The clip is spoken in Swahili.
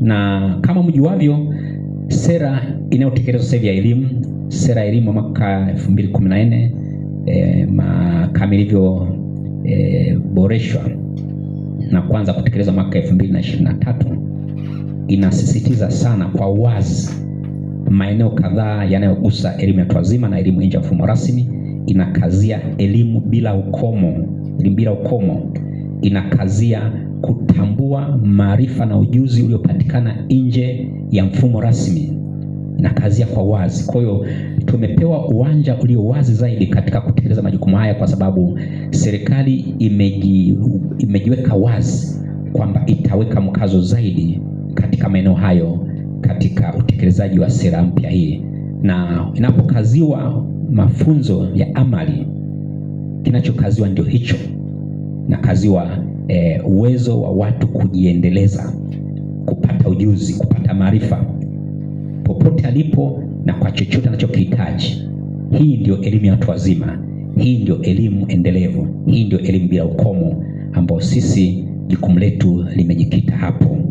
na kama mjuavyo, sera inayotekelezwa sasa hivi ya elimu, sera ya elimu mwaka 2014 eh, kama ilivyo eh, boreshwa na kuanza kutekelezwa mwaka 2023 inasisitiza sana kwa wazi maeneo kadhaa yanayogusa elimu ya watu wazima na elimu nje ya mfumo rasmi. Inakazia elimu bila ukomo, elimu bila ukomo inakazia kutambua maarifa na ujuzi uliopatikana nje ya mfumo rasmi na kazia kwa wazi. Kwa hiyo tumepewa uwanja ulio wazi zaidi katika kutekeleza majukumu haya, kwa sababu serikali imeji, imejiweka wazi kwamba itaweka mkazo zaidi katika maeneo hayo katika utekelezaji wa sera mpya hii, na inapokaziwa mafunzo ya amali, kinachokaziwa ndio hicho na kazi wa e, uwezo wa watu kujiendeleza, kupata ujuzi, kupata maarifa popote alipo na kwa chochote anachokihitaji. Hii ndio elimu ya watu wazima, hii ndio elimu endelevu, hii ndio elimu bila ukomo, ambayo sisi jukumu letu limejikita hapo.